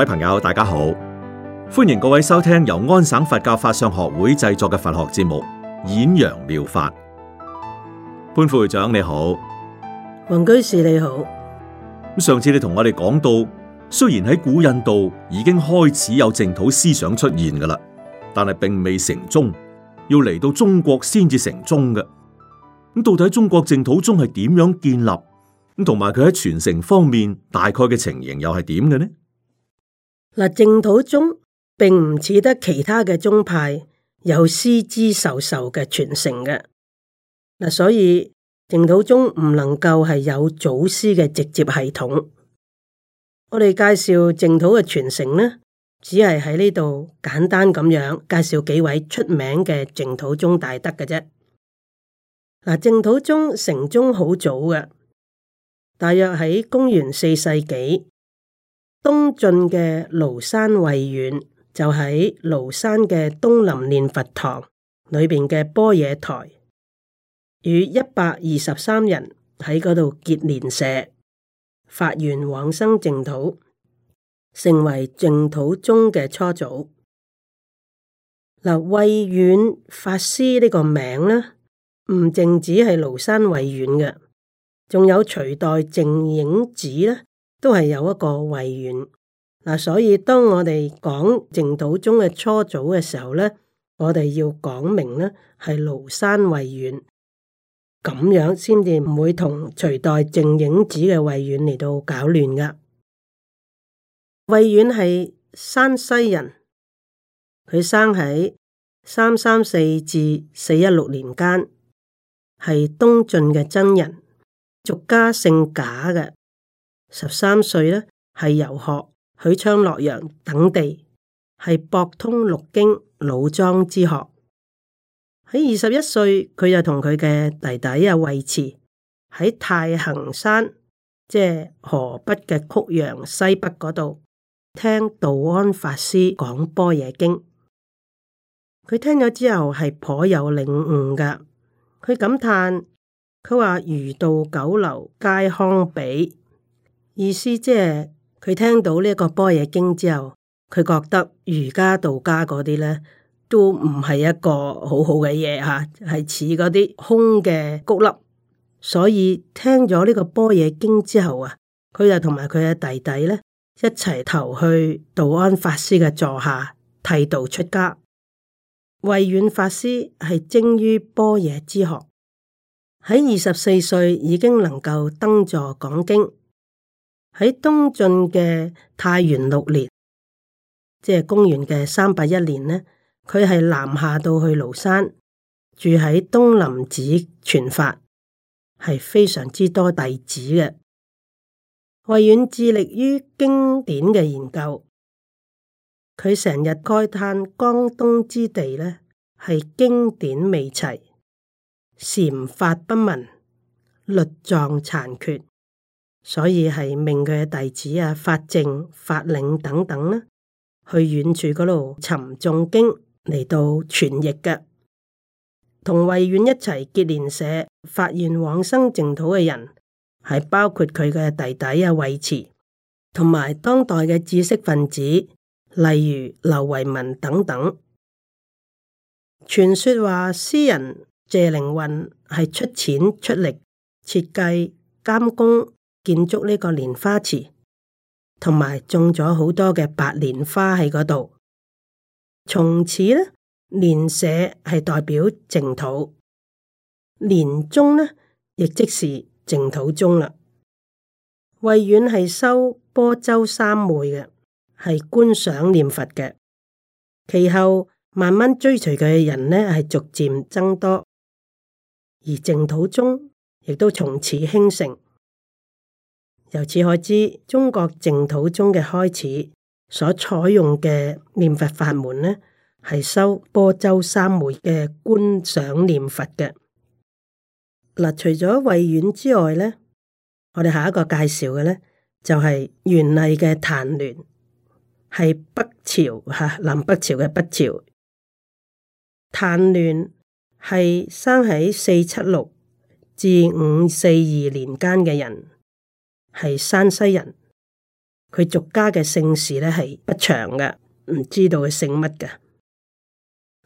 各位朋友，大家好，歡迎各位收聽由安省佛教法相學會製作嘅佛學節目《演揚妙法》。潘副會長你好，王居士你好。上次你同我哋講到，雖然喺古印度已經開始有淨土思想出現噶啦，但係並未成宗，要嚟到中國先至成宗嘅。咁到底中國淨土宗係點樣建立？咁同埋佢喺傳承方面大概嘅情形又係點嘅呢？嗱，淨土宗並唔似得其他嘅宗派有師資授受嘅傳承㗎，嗱，所以淨土宗唔能夠係有祖師嘅直接系統。我哋介紹淨土嘅傳承呢，只係喺呢度簡單咁樣介紹幾位出名嘅淨土宗大德㗎啫。嗱，淨土宗成宗好早㗎，大約喺公元四世紀。東晉嘅廬山慧遠，就喺廬山嘅東林念佛堂裏邊嘅般若台，與一百二十三人喺嗰度結連社，發願往生淨土，成為淨土宗嘅初祖。嗱，慧遠法師呢個名咧，唔淨止係廬山慧遠嘅，仲有隋代淨影寺咧，都係有一個慧遠。啊，所以當我哋講淨土宗嘅初祖嘅時候呢，我哋要講明呢係廬山慧遠，咁樣先至唔會同隋代淨影寺嘅慧遠嚟到搞亂㗎。慧遠係山西人，佢生喺三三四至四一六年間，係東晉嘅僧人，俗家姓賈嘅。十三歲呢，係遊學許昌、洛陽等地，係博通六經、老莊之學。喺二十一歲，佢就同佢嘅弟弟啊，慧持喺太行山，即係河北嘅曲陽西北嗰度，聽道安法師講般若經。佢聽咗之後係頗有領悟噶，佢感嘆，佢話儒道九流皆康比。意思即係佢聽到呢一個般若經之後，佢覺得儒家道家嗰啲咧都唔係一個好好嘅嘢吓，係似嗰啲空嘅谷粒。所以聽咗呢個般若經之後啊，佢就同埋佢嘅弟弟咧一齊投去道安法師嘅座下剃度出家。慧遠法師係精於般若之學，喺二十四歲已經能夠登座講經。喺東晉嘅太元六年，即係公元嘅三八一年呢，佢係南下到去廬山住喺東林寺傳法，係非常之多弟子嘅。慧遠致力於經典嘅研究，佢成日慨嘆江東之地呢，係經典未齊，禪法不聞，律藏殘缺。所以係命佢嘅弟子啊，法正、法領等等呢，去遠處嗰度尋眾經嚟到傳譯嘅，同慧遠一齊結連社發願往生淨土嘅人係包括佢嘅弟弟啊，慧持，同埋當代嘅知識分子，例如劉遺民等等。傳說話，詩人謝靈運係出錢出力設計監工。建築呢個蓮花池，同埋種咗好多嘅白蓮花喺嗰度。從此咧，蓮社係代表淨土，蓮宗呢亦即是淨土宗啦。慧遠係修般舟三昧嘅，係觀想念佛嘅。其後慢慢追隨佢嘅人呢係逐漸增多，而淨土宗亦都從此興盛。由此可知，中國淨土宗嘅開始所採用嘅念佛法門呢，係修波州三昧嘅觀想念佛嘅。嗱、啊，除咗慧遠之外呢，我哋下一個介紹嘅呢，就係、是、元魏嘅曇鸞，係北朝嚇南北朝嘅北朝。曇鸞係生喺四七六至五四二年間嘅人。係山西人，佢俗家嘅姓氏咧，係不詳嘅，唔知道佢姓乜嘅。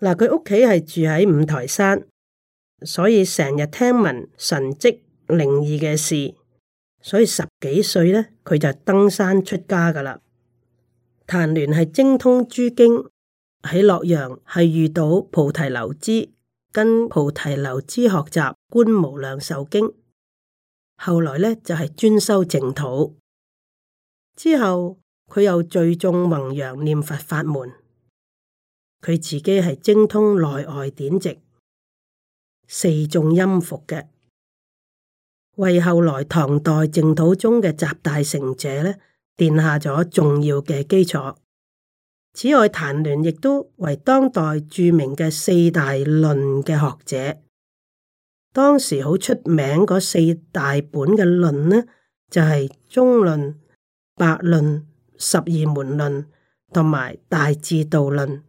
嗱，佢屋企係住喺五台山，所以成日聽聞神跡靈異嘅事，所以十幾歲咧佢就登山出家㗎喇。曇鸞係精通諸經，喺洛陽係遇到菩提流支，跟菩提流支學習《觀無量壽經》。後來呢，就係、是、專修淨土，之後佢又聚眾弘揚念佛法門。佢自己係精通內外典籍、四眾音符嘅，為後來唐代淨土宗嘅集大成者呢，奠下咗重要嘅基礎。此外，曇鸞亦都為當代著名嘅四大論嘅學者。當時好出名嗰四大本嘅論呢，就係、是、中論、百論、十二門論同埋大智度論。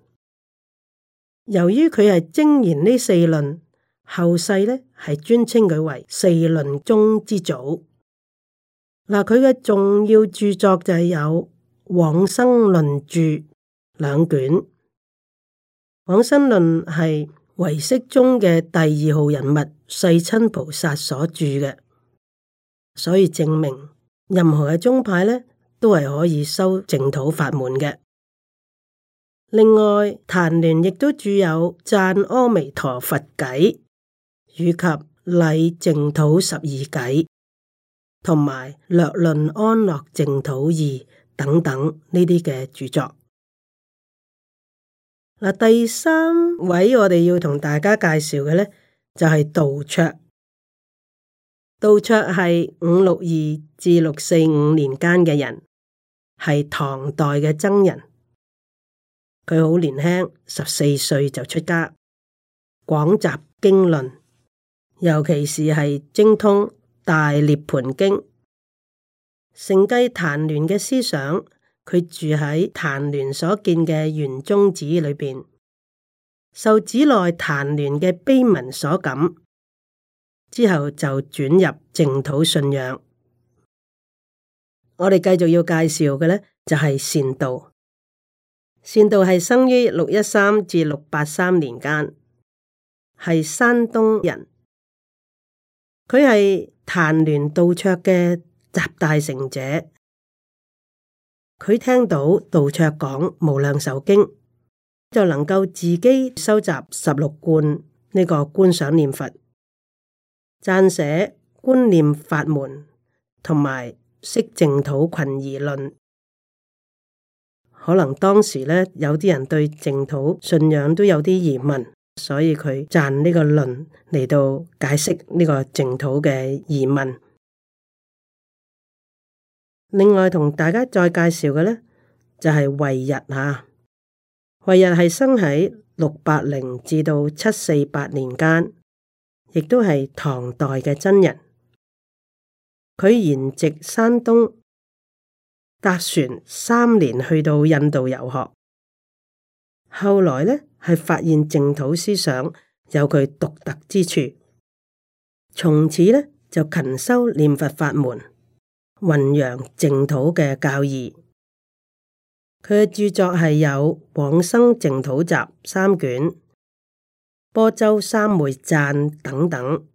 由於佢係精研呢四論，後世呢係尊稱佢為四論宗之祖。嗱，佢嘅重要著作就有往著《往生論》著兩卷，《往生論》係。唯識中嘅第二號人物世親菩薩所著嘅，所以證明任何嘅宗派呢都係可以修淨土法門嘅。另外，曇鸞亦都著有贊阿彌陀佛偈，以及禮淨土十二偈，同埋略論安樂淨土義等等呢啲嘅著作。第三位我哋要同大家介紹嘅呢，就係道綽。道綽係五六二至六四五年間嘅人，係唐代嘅僧人。佢好年輕，十四歲就出家，廣習經論，尤其是係精通大涅槃經，承繼曇鸞嘅思想。佢住喺曇鸞所建嘅元宗寺裏邊，受寺內曇鸞嘅碑文所感，之後就轉入淨土信仰。我哋繼續要介紹嘅咧，就係、是、善導。善導係生於六一三至六八三年間，係山東人。佢係曇鸞道綽嘅集大成者。佢聽到道綽講無量壽經，就能夠自己收集十六觀呢個觀想念佛撰寫觀念法門，同埋釋淨土群疑論。可能當時呢，有啲人對淨土信仰都有啲疑問，所以佢撰呢個論嚟到解釋呢個淨土嘅疑問。另外同大家再介紹嘅咧，就係、是、慧日吓，慧日係生喺六八零至到七四八年間，亦都係唐代嘅僧人。佢原籍山東，搭船三年去到印度遊學，後來咧係發現淨土思想有佢獨特之處，從此咧就勤修念佛法門。弘揚淨土嘅教義，佢嘅著作係有《往生淨土集》三卷、《波州三昧讚》等等。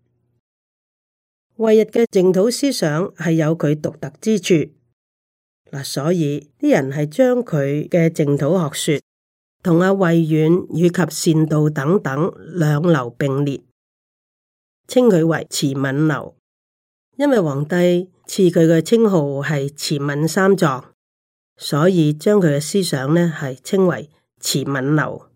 慧日嘅淨土思想係有佢獨特之處，嗱，所以啲人係將佢嘅淨土學說同阿慧遠以及善導等等兩流並列，稱佢為慈愍流，因為皇帝。賜佢嘅稱號係慈愍三藏，所以將佢嘅思想呢係稱為慈愍流。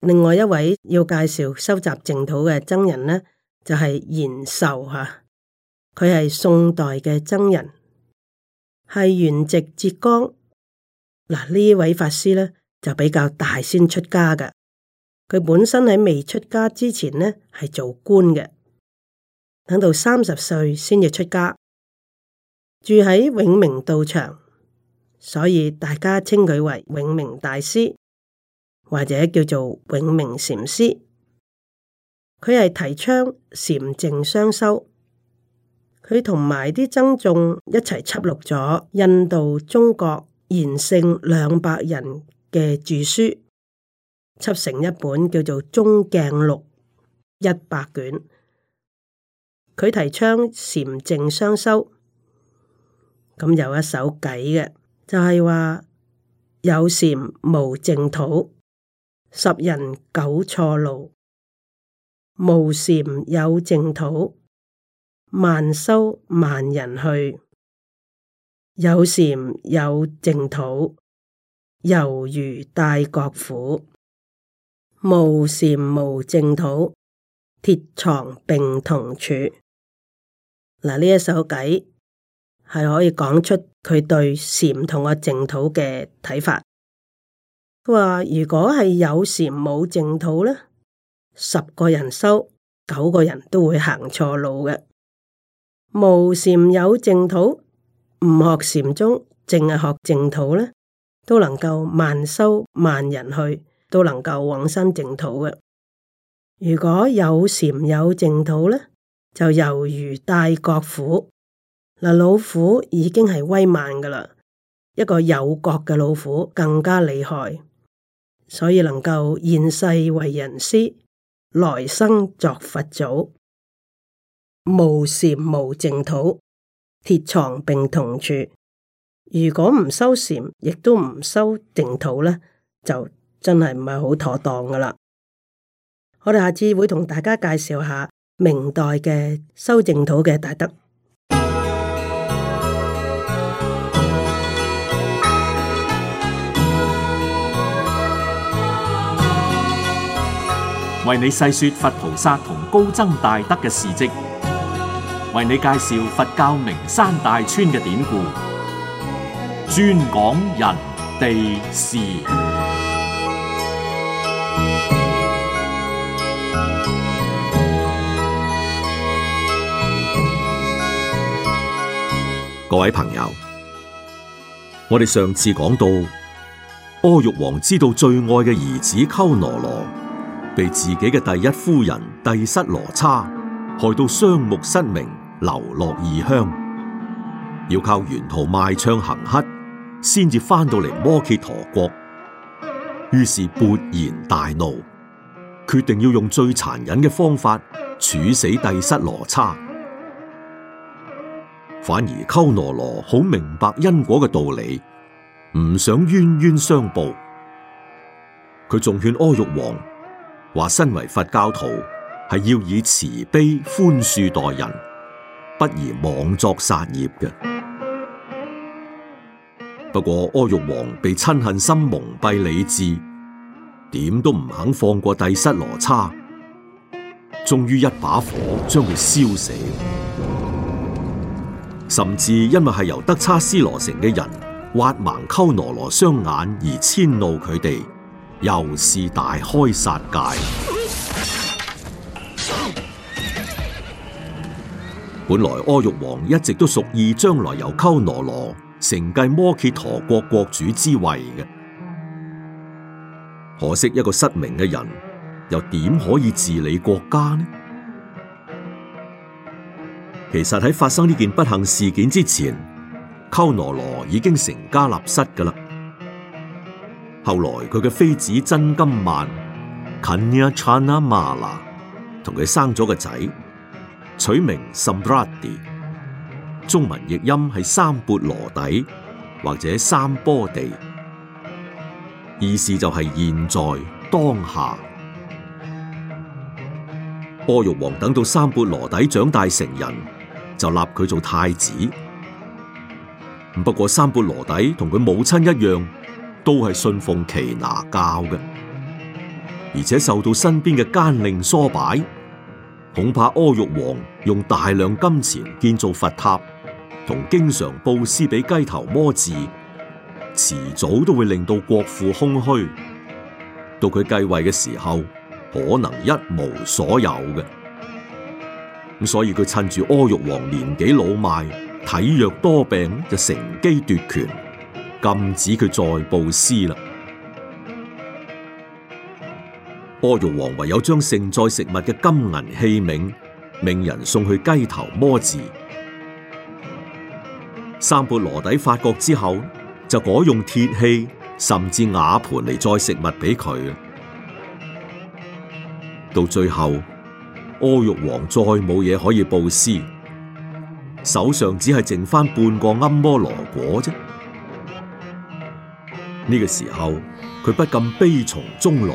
另外一位要介紹收集淨土嘅僧人呢，就係延壽，佢係宋代嘅僧人，係原籍浙江。嗱，呢位法師呢，就比較大先出家嘅，佢本身喺未出家之前呢，係做官嘅。等到三十歲先至出家，住喺永明道場，所以大家稱佢為永明大師，或者叫做永明禪師。佢係提倡禪淨雙修，佢同埋啲僧眾一齊輯錄咗印度、中國賢聖兩百人嘅著書，輯成一本叫做《中鏡錄》，一百卷。佢提倡禪淨雙修，咁有一首偈嘅，就係話有禪無淨土，十人九錯路；無禪有淨土，萬修萬人去；有禪有淨土，猶如大國府；無禪無淨土，鐵床並銅柱。嗱，呢一首偈係可以講出佢對禪同個淨土嘅睇法。佢話如果係有禪冇淨土咧，十個人修九個人都會行錯路嘅。無禪有淨土，唔學禪宗淨係學淨土咧，都能夠萬修萬人去，都能夠往生淨土嘅。如果有禪有淨土咧，就猶如大國虎嗱，老虎已經係威猛噶啦，一個有角嘅老虎更加厲害，所以能夠現世為人師，來生作佛祖。無禪無淨土，鐵床並同處。如果唔收禪，亦都唔收淨土咧，就真係唔係好妥當噶啦。我哋下次會同大家介紹下。明代嘅修淨土嘅大德， 為你細說佛菩薩同高僧大德嘅事跡，為你介紹佛教名山大川嘅典故，專講人地事。各位朋友，我哋上次講到，阿育王知道最愛嘅兒子鳩羅羅被自己嘅第一夫人帝室羅叉害到雙目失明，流落異鄉，要靠沿途賣唱行乞，先至翻到嚟摩揭陀國。於是勃然大怒，決定要用最殘忍嘅方法處死帝室羅叉。反而鳩羅羅好明白因果嘅道理，唔想冤冤相報。佢仲勸阿育王話：身為佛教徒，係要以慈悲寬恕待人，不宜妄作殺業嘅。不過阿育王被嗔恨心蒙蔽理智，點都唔肯放過帝室羅叉，終於一把火將佢燒死。甚至因為係由德叉斯羅城嘅人挖盲鳩羅羅雙眼而遷怒佢哋，又是大開殺戒。 本來阿育王一直都屬意將來由鳩羅羅承繼摩揭陀國國主之位嘅，可惜一個失明嘅人，又點可以治理國家呢？其實喺發生呢件不幸事件之前，溝羅羅已經成家立室㗎啦。後來佢嘅妃子真金曼 k n y a c h a n a Mara） 同佢生咗個仔，取名 s o m b r a d i 中文譯音係三波羅底或者三波地，意思就係現在當下。波玉王等到三波羅底長大成人，就立佢做太子，不過三鉢羅底同佢母親一樣，都係信奉耆那教嘅，而且受到身邊嘅奸佞唆擺，恐怕阿育王用大量金錢建造佛塔，同經常布施俾雞頭摩寺，遲早都會令到國庫空虛，到佢繼位嘅時候，可能一無所有嘅。咁所以佢趁住阿育王年紀老邁、體弱多病，就乘機奪權，禁止佢再布施啦。阿育王唯有將盛載食物嘅金銀器皿，命人送去雞頭摩寺。三鉢羅底發覺之後，就改用鐵器，甚至瓦盤嚟載食物俾佢。到最後。阿育王再冇嘢可以布施，手上只係剩返半個庵摩羅果啫。呢、這個時候，佢不禁悲從中來，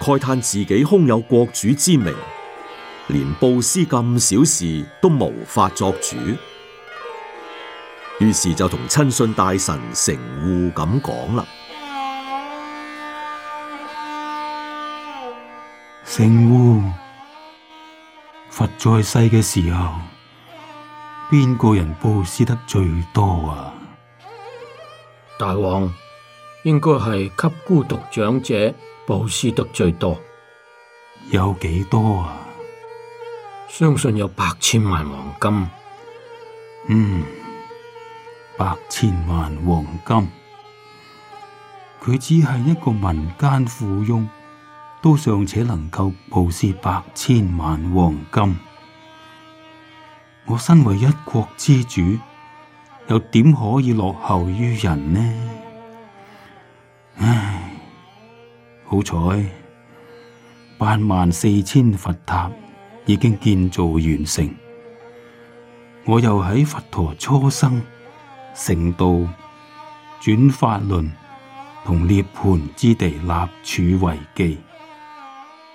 慨嘆自己空有國主之名，連布施咁小事都無法作主。於是就同親信大臣成護咁講啦，成護。佛在世嘅時候，邊個人布施得最多啊？大王，應該係給孤獨長者布施得最多。有幾多啊？相信有百千萬黃金。嗯，百千萬黃金，佢只係一個民間富翁。都尚且能夠布施百千萬黃金，我身為一國之主，又點可以落後於人呢？唉，好彩，八萬四千佛塔已經建造完成，我又喺佛陀初生成道、轉法輪同涅槃之地立柱為基。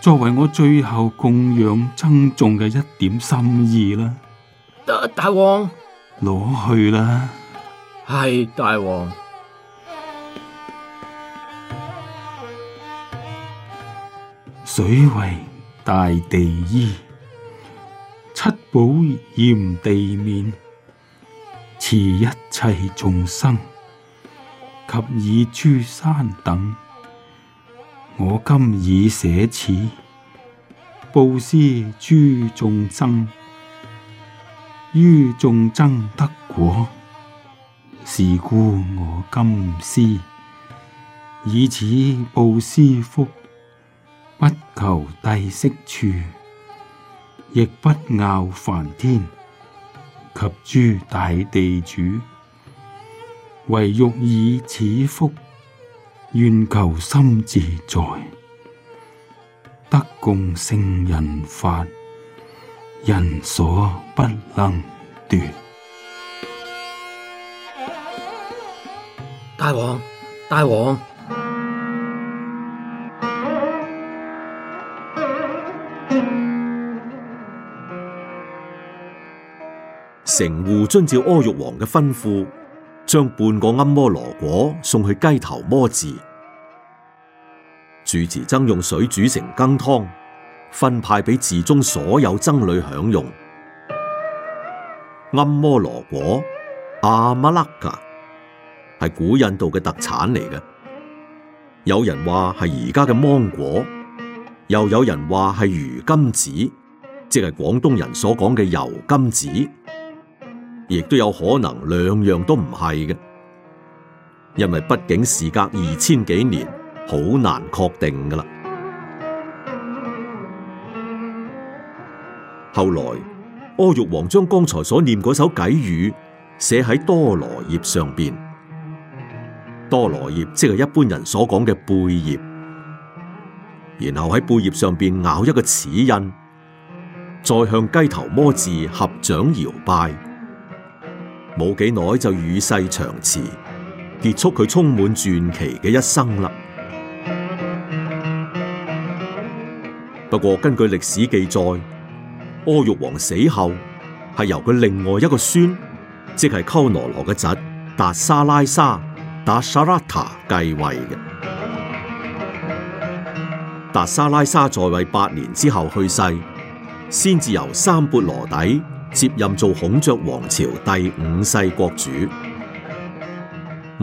作為我最後供養僧眾嘅一點心意啦，大王，攞去啦。係，大王，水為大地衣，七寶掩地面，持一切眾生及以諸山等。我今以捨此布施諸眾僧，於眾僧得果，是故我今施，以此布施福，不求帝釋處，亦不傲梵天及諸大地主，唯欲以此福。願求心自在，得共聖人法，人所不能奪。大王，大王，城護遵照阿育王嘅吩咐。將半個菴摩羅果送去雞頭摩寺，住持僧用水煮成羹湯，分派俾寺中所有僧侶享用。菴摩羅果阿瑪拉卡係古印度嘅特產嚟嘅，有人話係而家嘅芒果，又有人話係餘甘子，即係廣東人所講嘅油甘子。亦都有可能兩樣都唔係嘅，因為畢竟時隔二千幾年，好難確定噶啦。後來阿育王將剛才所念嗰首偈語寫喺多羅葉上邊，多羅葉即係一般人所講嘅貝葉，然後喺貝葉上邊咬一個齒印，再向雞頭摩寺合掌搖拜。冇幾耐就與世長辭，結束佢充滿傳奇嘅一生啦。不過根據歷史記載，阿育王死後係由佢另外一個孫，即係鳩羅羅嘅侄達沙拉沙達沙拉塔繼位嘅。達沙拉沙在位八年之後去世，先至由三缽羅底。接任做孔雀王朝第五世國主，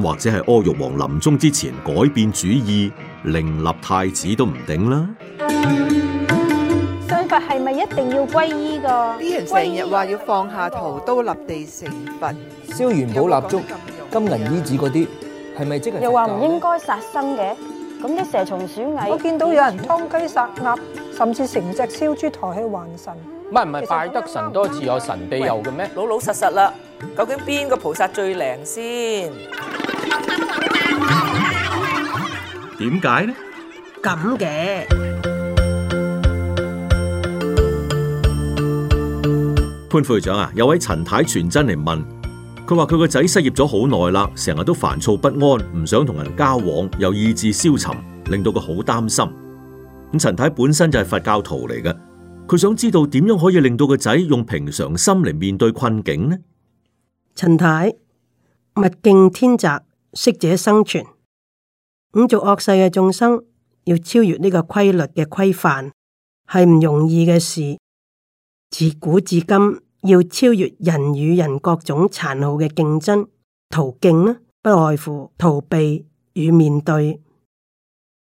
或者係阿育王臨終之前改變主意，另立太子都唔定啦。信佛係咪一定要皈依㗎？成日話要放下屠刀立地成佛，燒元寶蠟燭、有有金銀衣紙嗰啲，係咪即係？又話唔應該殺生嘅，咁啲蛇蟲鼠蟻，我見到有人劏雞殺鴨，甚至成隻燒豬抬去還神。唔唔係，拜得神多自有神庇佑嘅咩？老老實實啦，究竟邊個菩薩最靈先？點解呢？咁嘅潘副長啊，有位陳太傳真嚟問，佢話佢個仔失業咗好耐啦，成日都煩躁不安，唔想同人交往，又意志消沉，令到佢好擔心。咁陳太本身就係佛教徒嚟嘅。佢想知道點樣可以令到個仔用平常心嚟面對困境呢？陳太，物競天擇，適者生存。五濁惡世嘅眾生要超越呢個規律嘅規範，係唔容易嘅事。自古至今，要超越人與人各種殘酷嘅競爭，途徑呢，不外乎逃避與面對。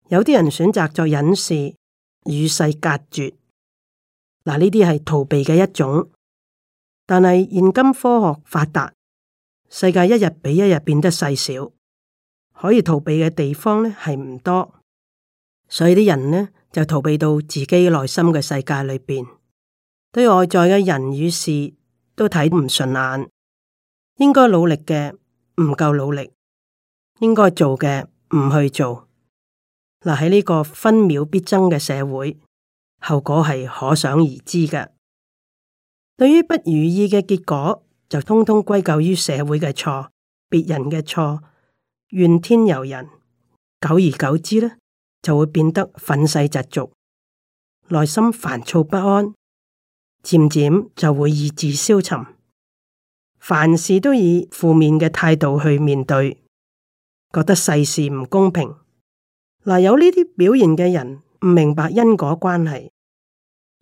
有啲人選擇做隱士，與世隔絕。嗱，呢啲係逃避嘅一種，但係現今科學發達，世界一日比一日變得細小，可以逃避嘅地方咧，係唔多，所以啲人呢，就逃避到自己內心嘅世界裏邊，對外在嘅人與事都睇唔順眼，應該努力嘅唔夠努力，應該做嘅唔去做。嗱，喺呢個分秒必爭嘅社會。後果係可想而知嘅。對於不如意嘅結果，就通通歸咎於社會嘅錯、別人嘅錯，怨天尤人。久而久之呢，就會變得憤世嫉俗，內心煩躁不安，漸漸就會意志消沉，凡事都以負面嘅態度去面對，覺得世事唔公平。嗱、呃，有呢啲表現嘅人唔明白因果關係。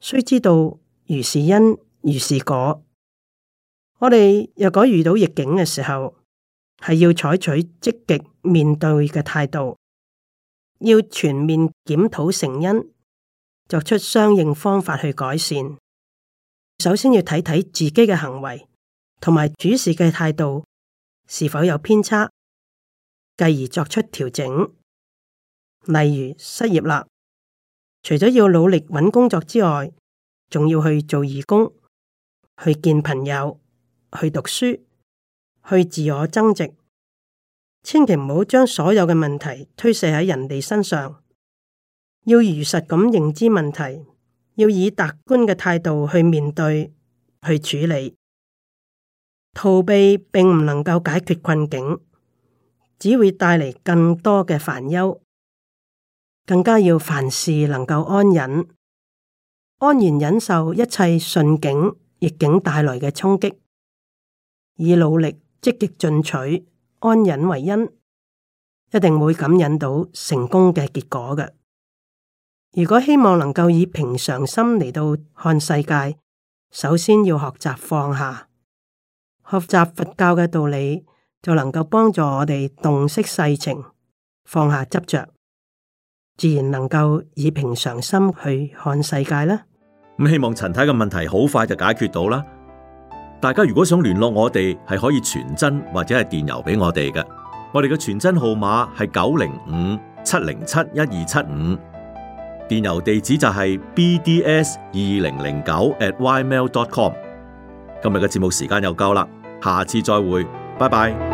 需知道如是因如是果，我哋若果遇到逆境嘅時候，係要採取積極面對嘅態度，要全面檢討成因，作出相應方法去改善。首先要睇睇自己嘅行為同埋處事嘅態度是否有偏差，繼而作出調整。例如失業啦。除咗要努力揾工作之外，仲要去做義工，去見朋友，去讀書，去自我增值。千祈唔好將所有嘅問題推卸喺人哋身上，要如實咁認知問題，要以客觀嘅態度去面對、去處理。逃避並唔能夠解決困境，只會帶嚟更多嘅煩憂。更加要凡事能夠安忍，安然忍受一切順境逆境帶來嘅衝擊，以努力積極進取，安忍為因，一定會感應到成功嘅結果嘅。如果希望能夠以平常心嚟到看世界，首先要學習放下，學習佛教嘅道理就能夠幫助我哋洞悉世情，放下執着。自然能夠以平常心去看世界啦。咁希望陳太嘅問題好快就解決到啦。大家如果想聯絡我哋，係可以傳真或者係電郵俾我哋嘅。我哋嘅傳真號碼係九零五七零七一二七五，電郵地址就係 bds 二零零九 @ymail.com。今日嘅節目時間又夠啦，下次再會，拜拜。